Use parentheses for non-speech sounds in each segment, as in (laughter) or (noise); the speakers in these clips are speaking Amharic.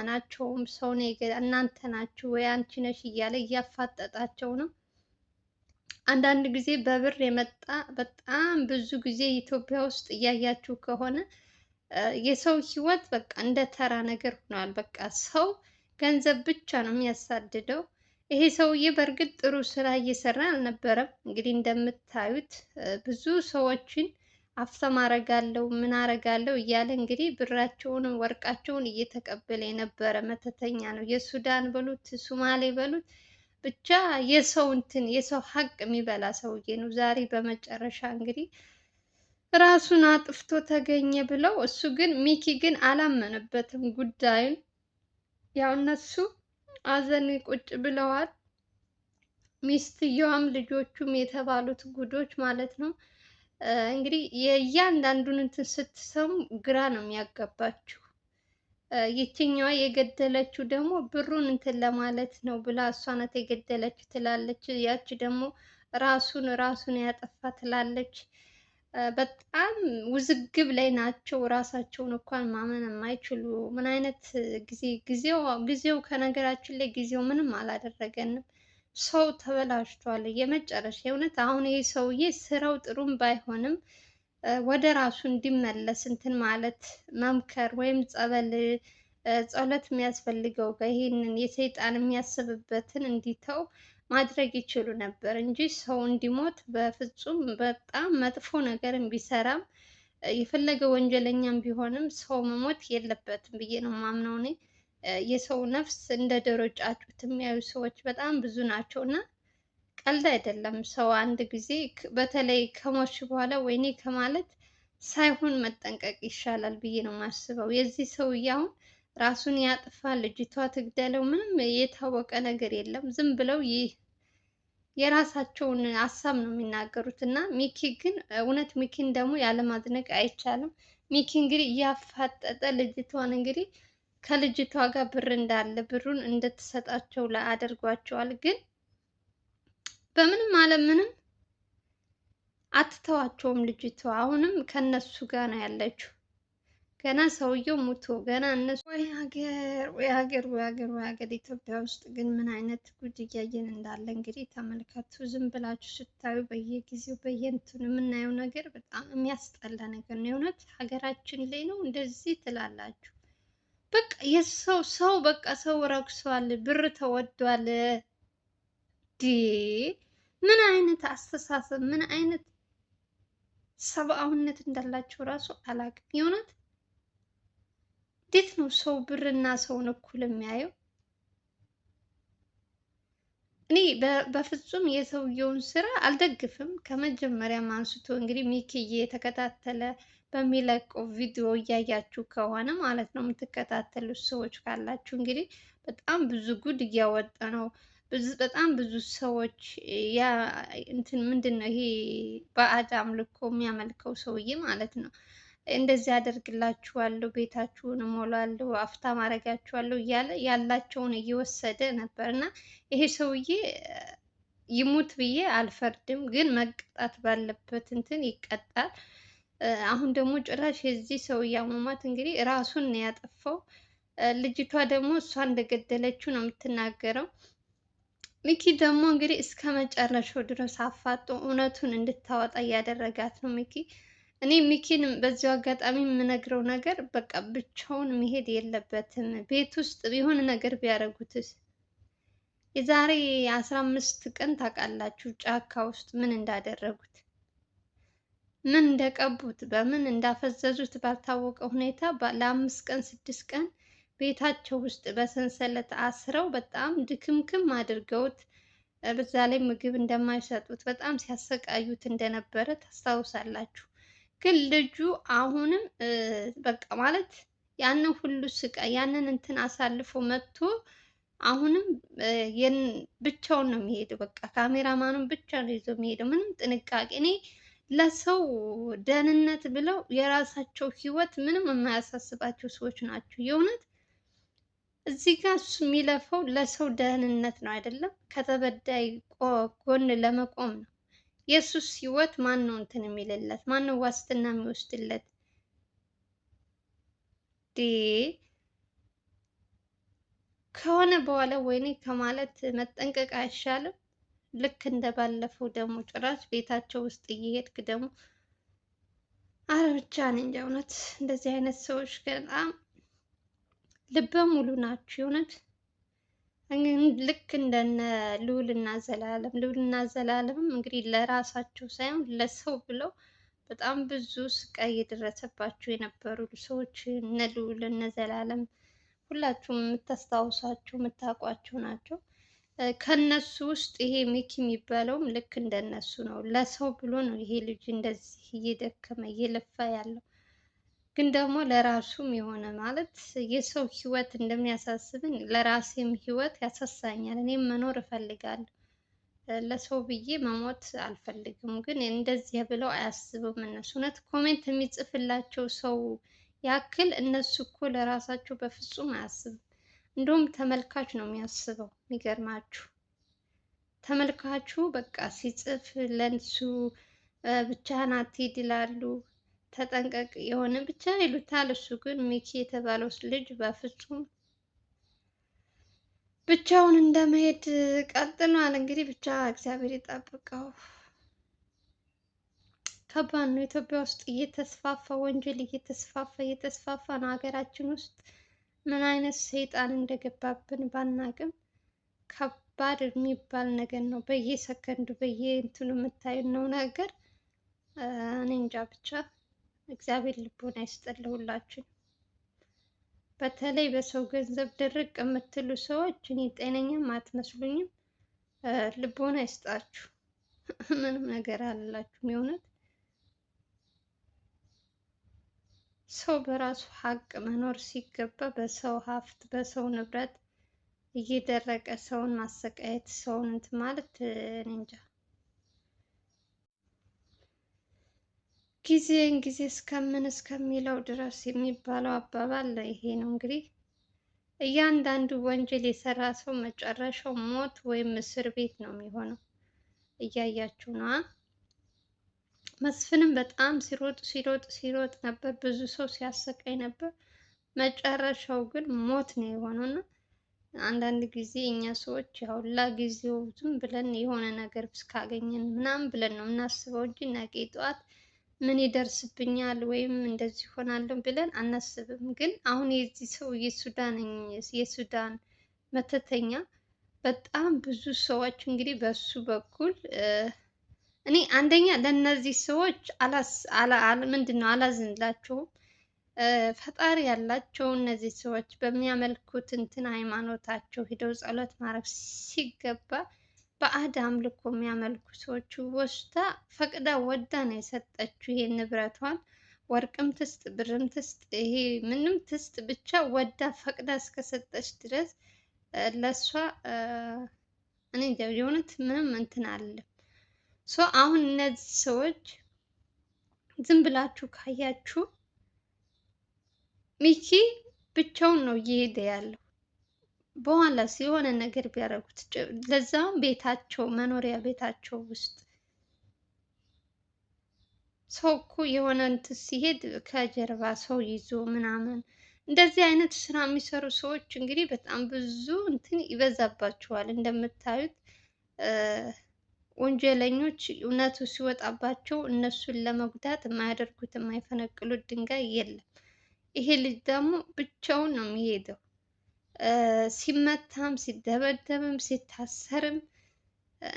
አላመናቸውም። ሰው እናንተ ናችሁ ወይ አንቺ ነሽ እያለ እያፋጠጣቸው ነው። አንዳንድ ጊዜ በብር የመጣ በጣም ብዙ ጊዜ ኢትዮጵያ ውስጥ እያያችሁ ከሆነ የሰው ህይወት በቃ እንደ ተራ ነገር ሆኗል። በቃ ሰው ገንዘብ ብቻ ነው የሚያሳድደው። ይሄ ሰውዬ በእርግጥ ጥሩ ስራ እየሰራ አልነበረም። እንግዲህ እንደምታዩት ብዙ ሰዎችን አፍሰም አረጋለሁ ምን አረጋለሁ እያለ እንግዲህ ብራቸውን ወርቃቸውን እየተቀበለ የነበረ መተተኛ ነው። የሱዳን በሉት ሱማሌ በሉት ብቻ የሰው እንትን የሰው ሀቅ የሚበላ ሰውዬ ነው። ዛሬ በመጨረሻ እንግዲህ ራሱን አጥፍቶ ተገኘ ብለው እሱ ግን ሚኪ ግን አላመነበትም ጉዳዩን። ያው እነሱ አዘን ቁጭ ብለዋል። ሚስትየዋም ልጆቹም የተባሉት ጉዶች ማለት ነው እንግዲህ የእያንዳንዱን እንትን ስትሰሙ ግራ ነው የሚያጋባችሁ። የትኛዋ የገደለችው ደግሞ ብሩን እንትን ለማለት ነው ብላ እሷ ናት የገደለችው ትላለች። ያቺ ደግሞ ራሱን ራሱን ያጠፋ ትላለች። በጣም ውዝግብ ላይ ናቸው። ራሳቸውን እንኳን ማመን የማይችሉ ምን አይነት ጊዜ ጊዜው ጊዜው ከነገራችን ላይ ጊዜው ምንም አላደረገንም። ሰው ተበላሽቷል። የመጨረሻ የእውነት አሁን ይህ ሰውዬ ስራው ጥሩም ባይሆንም ወደ ራሱ እንዲመለስ እንትን ማለት መምከር ወይም ጸበል ጸሎት የሚያስፈልገው ጋር ይህንን የሰይጣን የሚያስብበትን እንዲተው ማድረግ ይችሉ ነበር እንጂ ሰው እንዲሞት በፍጹም በጣም መጥፎ ነገር ቢሰራም የፈለገ ወንጀለኛም ቢሆንም ሰው መሞት የለበትም ብዬ ነው ማምነው እኔ። የሰው ነፍስ እንደ ዶሮ ጫጩት የሚያዩ ሰዎች በጣም ብዙ ናቸው እና ቀልድ አይደለም። ሰው አንድ ጊዜ በተለይ ከሞትሽ በኋላ ወይኔ ከማለት ሳይሆን መጠንቀቅ ይሻላል ብዬ ነው የማስበው። የዚህ ሰውዬ አሁን ራሱን ያጥፋ፣ ልጅቷ ትግደለው፣ ምንም የታወቀ ነገር የለም። ዝም ብለው ይህ የራሳቸውን ሀሳብ ነው የሚናገሩት እና ሚኪ ግን እውነት ሚኪን ደግሞ ያለማድነቅ አይቻልም። ሚኪ እንግዲህ እያፋጠጠ ልጅቷን እንግዲህ ከልጅቷ ጋር ብር እንዳለ ብሩን እንድትሰጣቸው አድርጓቸዋል። ግን በምንም አለምንም አትተዋቸውም። ልጅቷ አሁንም ከነሱ ጋር ነው ያለችው። ገና ሰውየው ሙቶ ገና እነሱ ወይ ሀገር ወይ ሀገር ወይ ሀገር ወይ ሀገር። ኢትዮጵያ ውስጥ ግን ምን አይነት ጉድ እያየን እንዳለ እንግዲህ ተመልከቱ። ዝም ብላችሁ ስታዩ በየጊዜው በየእንትኑ የምናየው ነገር በጣም የሚያስጠላ ነገር ነው። የእውነት ሀገራችን ላይ ነው እንደዚህ ትላላችሁ። በቃ የሰው ሰው በቃ ሰው ረክሷል፣ ብር ተወዷል። ዲ ምን አይነት አስተሳሰብ ምን አይነት ሰብአዊነት እንዳላቸው ራሱ አላውቅም። የእውነት እንዴት ነው ሰው ብርና ሰውን እኩል የሚያየው? እኔ በፍጹም የሰውየውን ስራ አልደግፍም። ከመጀመሪያም አንስቶ እንግዲህ ሚኪዬ የተከታተለ በሚለቀው ቪዲዮ እያያችሁ ከሆነ ማለት ነው የምትከታተሉ ሰዎች ካላችሁ እንግዲህ በጣም ብዙ ጉድ እያወጣ ነው። በጣም ብዙ ሰዎች ያ እንትን ምንድን ነው ይሄ ባዕድ አምልኮ የሚያመልከው ሰውዬ ማለት ነው እንደዚህ አደርግላችኋለሁ፣ ቤታችሁን እሞላለሁ፣ አፍታ ማረጋችኋለሁ እያለ ያላቸውን እየወሰደ ነበር እና ይሄ ሰውዬ ይሙት ብዬ አልፈርድም፣ ግን መቅጣት ባለበት እንትን ይቀጣል። አሁን ደግሞ ጭራሽ የዚህ ሰውዬ አሟሟት እንግዲህ ራሱን ያጠፋው። ልጅቷ ደግሞ እሷ እንደገደለችው ነው የምትናገረው። ሚኪ ደግሞ እንግዲህ እስከ መጨረሻው ድረስ አፋጦ እውነቱን እንድታወጣ እያደረጋት ነው ሚኪ እኔ ሚኪን በዚሁ አጋጣሚ የምነግረው ነገር በቃ ብቻውን መሄድ የለበትም። ቤት ውስጥ የሆነ ነገር ቢያደርጉትስ? የዛሬ አስራ አምስት ቀን ታውቃላችሁ ጫካ ውስጥ ምን እንዳደረጉት፣ ምን እንደቀቡት፣ በምን እንዳፈዘዙት ባልታወቀ ሁኔታ ለአምስት ቀን ስድስት ቀን ቤታቸው ውስጥ በሰንሰለት አስረው በጣም ድክምክም አድርገውት በዛ ላይ ምግብ እንደማይሰጡት በጣም ሲያሰቃዩት እንደነበረ ታስታውሳላችሁ። ግን ልጁ አሁንም በቃ ማለት ያንን ሁሉ ስቃይ ያንን እንትን አሳልፎ መጥቶ አሁንም ብቻውን ነው የሚሄደው። በቃ ካሜራማኑን ብቻ ነው ይዞ የሚሄደው። ምንም ጥንቃቄ እኔ ለሰው ደህንነት ብለው የራሳቸው ህይወት ምንም የማያሳስባቸው ሰዎች ናቸው። የእውነት እዚህ ጋር እሱ የሚለፈው ለሰው ደህንነት ነው አይደለም፣ ከተበዳይ ጎን ለመቆም ነው። የእሱስ ህይወት ማን ነው እንትን የሚልለት? ማን ነው ዋስትና የሚወስድለት? ከሆነ በኋላ ወይኔ ከማለት መጠንቀቅ አይሻልም? ልክ እንደባለፈው ደግሞ ጭራሽ ቤታቸው ውስጥ እየሄድክ ደግሞ አረ ብቻ እኔ እውነት እንደዚህ አይነት ሰዎች በጣም ልበ ሙሉ ናቸው የእውነት። ልክ እንደነ እና ዘላለም እና ዘላለምም እንግዲህ ለራሳቸው ሳይሆን ለሰው ብለው በጣም ብዙ ስቃይ የደረሰባቸው የነበሩ ሰዎች እነ ልዑል እነ ዘላለም ሁላችሁም የምታስታውሳቸው የምታውቋቸው ናቸው። ከነሱ ውስጥ ይሄ ሚኪ የሚባለውም ልክ እንደነሱ ነው። ለሰው ብሎ ነው ይሄ ልጅ እንደዚህ እየደከመ እየለፋ ያለው። ግን ደግሞ ለራሱም የሆነ ማለት የሰው ህይወት እንደሚያሳስብን ለራሴም ህይወት ያሳሳኛል። እኔም መኖር እፈልጋለሁ። ለሰው ብዬ መሞት አልፈልግም። ግን እንደዚህ ብለው አያስብም እነሱ። እውነት ኮሜንት የሚጽፍላቸው ሰው ያክል እነሱ እኮ ለራሳቸው በፍጹም አያስብም። እንደውም ተመልካች ነው የሚያስበው። የሚገርማችሁ ተመልካቹ በቃ ሲጽፍ ለንሱ ብቻህን አትሂድ ይላሉ። ተጠንቀቅ የሆነ ብቻ ይሉታል። እሱ ግን ሚኪ የተባለው ልጅ በፍጹም ብቻውን እንደመሄድ ቀጥሏል። እንግዲህ ብቻ እግዚአብሔር ይጠብቀው። ከባድ ነው። ኢትዮጵያ ውስጥ እየተስፋፋ ወንጀል እየተስፋፋ እየተስፋፋ ነው። ሀገራችን ውስጥ ምን አይነት ሰይጣን እንደገባብን ባናቅም ከባድ የሚባል ነገር ነው። በየሰከንዱ በየእንትኑ የምታየው ነው ነገር እኔ እንጃ ብቻ እግዚአብሔር ልቦና ይስጥል በተለይ በሰው ገንዘብ ድርቅ የምትሉ ሰዎች እኔ ጤነኛም አትመስሉኝም። ልቦና ይስጣችሁ። (laughs) ምንም ነገር አላላችሁም። የእውነት ሰው በራሱ ሀቅ መኖር ሲገባ በሰው ሀብት በሰው ንብረት እየደረቀ ሰውን ማሰቃየት ሰውን እንትን ማለት እኔ እንጃ። ጊዜን ጊዜ እስከምን እስከሚለው ድረስ የሚባለው አባባል ይሄ ነው። እንግዲህ እያንዳንዱ ወንጀል የሰራ ሰው መጨረሻው ሞት ወይም እስር ቤት ነው የሚሆነው። እያያችሁ ነዋ። መስፍንም በጣም ሲሮጥ ሲሮጥ ሲሮጥ ነበር፣ ብዙ ሰው ሲያሰቃይ ነበር። መጨረሻው ግን ሞት ነው የሆነው አንዳንድ ጊዜ እኛ ሰዎች ያው ለጊዜው ዝም ብለን የሆነ ነገር እስካገኘን ምናምን ብለን ነው የምናስበው እንጂ ነገ ጠዋት ምን ይደርስብኛል ወይም እንደዚህ ይሆናለሁ ብለን አናስብም። ግን አሁን የዚህ ሰው የሱዳን የሱዳን መተተኛ በጣም ብዙ ሰዎች እንግዲህ በሱ በኩል እኔ አንደኛ ለእነዚህ ሰዎች ምንድን ነው አላዝንላቸውም። ፈጣሪ ያላቸው እነዚህ ሰዎች በሚያመልኩት እንትን ሃይማኖታቸው ሂደው ጸሎት ማድረግ ሲገባ በአድ አምልኮ የሚያመልኩ ሰዎች ወስዳ ፈቅዳ ወዳ ነው የሰጠችው። ይሄ ንብረቷን ወርቅም ትስጥ ብርም ትስጥ ይሄ ምንም ትስጥ ብቻ ወዳ ፈቅዳ እስከሰጠች ድረስ ለእሷ እኔ እንጃ የእውነት ምንም እንትን አለም። ሶ አሁን እነዚህ ሰዎች ዝም ብላችሁ ካያችሁ ሚኪ ብቻውን ነው እየሄደ ያለው። በኋላ የሆነ ነገር ቢያደርጉት ለዛውም ቤታቸው መኖሪያ ቤታቸው ውስጥ ሰው እኮ የሆነ እንትን ሲሄድ ከጀርባ ሰው ይዞ ምናምን እንደዚህ አይነት ስራ የሚሰሩ ሰዎች እንግዲህ በጣም ብዙ እንትን ይበዛባቸዋል። እንደምታዩት ወንጀለኞች እውነቱ ሲወጣባቸው እነሱን ለመጉዳት የማያደርጉት የማይፈነቅሉት ድንጋይ የለም። ይሄ ልጅ ደግሞ ብቻውን ነው የሚሄደው። ሲመታም ሲደበደብም ሲታሰርም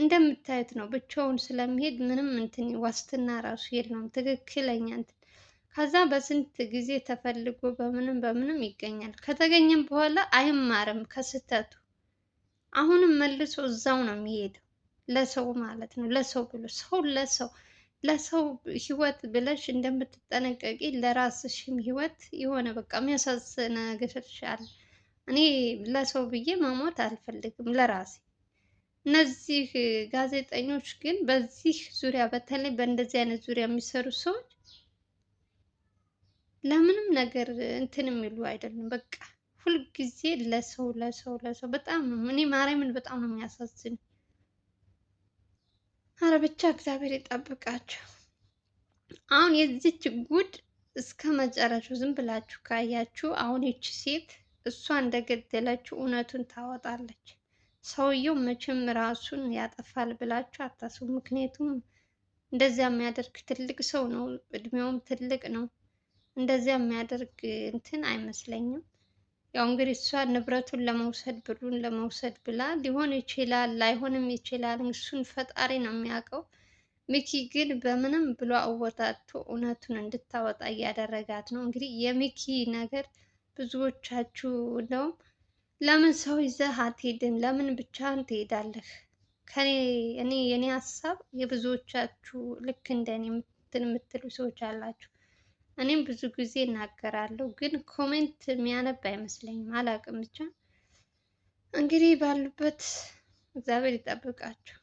እንደምታዩት ነው። ብቻውን ስለሚሄድ ምንም እንትን ዋስትና ራሱ የለውም። ትክክለኛ እንትን ከዛ በስንት ጊዜ ተፈልጎ በምንም በምንም ይገኛል። ከተገኘም በኋላ አይማርም ከስህተቱ። አሁንም መልሶ እዛው ነው የሚሄደው። ለሰው ማለት ነው። ለሰው ብሎ ሰው ለሰው ለሰው ህይወት ብለሽ እንደምትጠነቀቂ ለራስሽም ህይወት የሆነ በቃ የሚያሳዝን ነገር አለ። እኔ ለሰው ብዬ መሞት አልፈልግም ለራሴ። እነዚህ ጋዜጠኞች ግን በዚህ ዙሪያ በተለይ በእንደዚህ አይነት ዙሪያ የሚሰሩ ሰዎች ለምንም ነገር እንትን የሚሉ አይደሉም። በቃ ሁልጊዜ ለሰው ለሰው ለሰው በጣም እኔ ማርያምን በጣም ነው የሚያሳዝን። አረ ብቻ እግዚአብሔር ይጠብቃቸው። አሁን የዚች ጉድ እስከ መጨረሻው ዝም ብላችሁ ካያችሁ አሁን ይቺ ሴት እሷ እንደገደለችው እውነቱን ታወጣለች። ሰውየው መቼም ራሱን ያጠፋል ብላችሁ አታስቡ። ምክንያቱም እንደዚያ የሚያደርግ ትልቅ ሰው ነው፣ እድሜውም ትልቅ ነው። እንደዚያ የሚያደርግ እንትን አይመስለኝም። ያው እንግዲህ እሷ ንብረቱን ለመውሰድ ብሩን ለመውሰድ ብላ ሊሆን ይችላል፣ ላይሆንም ይችላል። እሱን ፈጣሪ ነው የሚያውቀው። ሚኪ ግን በምንም ብሎ አወጣቶ እውነቱን እንድታወጣ እያደረጋት ነው። እንግዲህ የሚኪ ነገር ብዙዎቻችሁ እንደውም ለምን ሰው ይዘህ አትሄድም? ለምን ብቻህን ትሄዳለህ? ከኔ እኔ የኔ ሀሳብ የብዙዎቻችሁ ልክ እንደኔ እንትን የምትሉ ሰዎች አላችሁ። እኔም ብዙ ጊዜ እናገራለሁ፣ ግን ኮሜንት የሚያነብ አይመስለኝም። አላውቅም ብቻ እንግዲህ ባሉበት እግዚአብሔር ይጠብቃችሁ።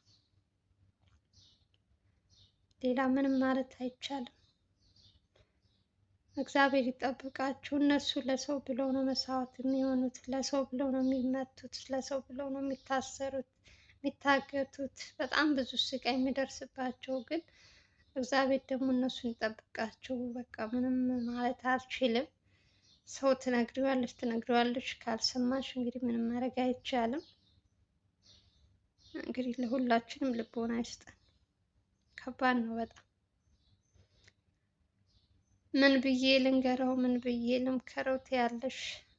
ሌላ ምንም ማለት አይቻልም። እግዚአብሔር ይጠብቃችሁ። እነሱ ለሰው ብለው ነው መስዋዕት የሚሆኑት፣ ለሰው ብለው ነው የሚመቱት፣ ለሰው ብለው ነው የሚታሰሩት፣ የሚታገቱት። በጣም ብዙ ስቃይ የሚደርስባቸው ግን እግዚአብሔር ደግሞ እነሱን ይጠብቃቸው። በቃ ምንም ማለት አልችልም። ሰው ትነግሪዋለች ትነግሪዋለች፣ ካልሰማሽ እንግዲህ ምንም ማድረግ አይቻልም። እንግዲህ ለሁላችንም ልቦና ይስጠን። ከባድ ነው በጣም ምን ብዬ ልንገረው፣ ምን ብዬ ልምከረው ትያለሽ?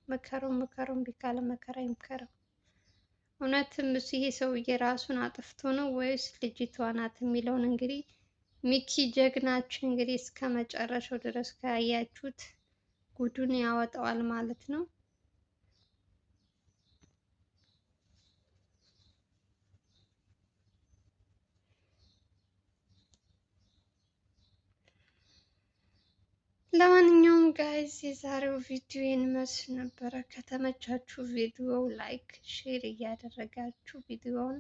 ምከረው ምከረው፣ እምቢ ካለ መከራ ይምከረው። እውነትም ይሄ ሰውዬ ራሱን አጥፍቶ ነው ወይስ ልጅቷ ናት የሚለውን እንግዲህ ሚኪ ጀግናችን እንግዲህ እስከ መጨረሻው ድረስ ካያችሁት ጉዱን ያወጣዋል ማለት ነው። ለማንኛውም ጋይዝ የዛሬው ቪዲዮ ይመስል ነበረ። ከተመቻችሁ ቪዲዮው ላይክ፣ ሼር እያደረጋችሁ ቪዲዮውን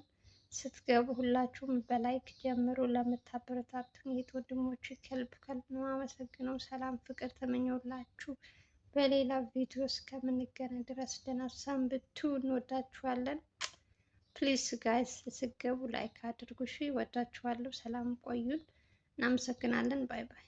ስትገቡ ሁላችሁም በላይክ ጀምሮ ለምታበረታቱን የት ወንድሞች ከልብ ከልብ ነው አመሰግነው። ሰላም ፍቅር ተመኘውላችሁ። በሌላ ቪዲዮ እስከምንገናኝ ድረስ ደህና ሰንብቱ። እንወዳችኋለን። ፕሊስ ጋይዝ ስትገቡ ላይክ አድርጉ። እሺ፣ እወዳችኋለሁ። ሰላም ቆዩን። እናመሰግናለን። ባይ ባይ።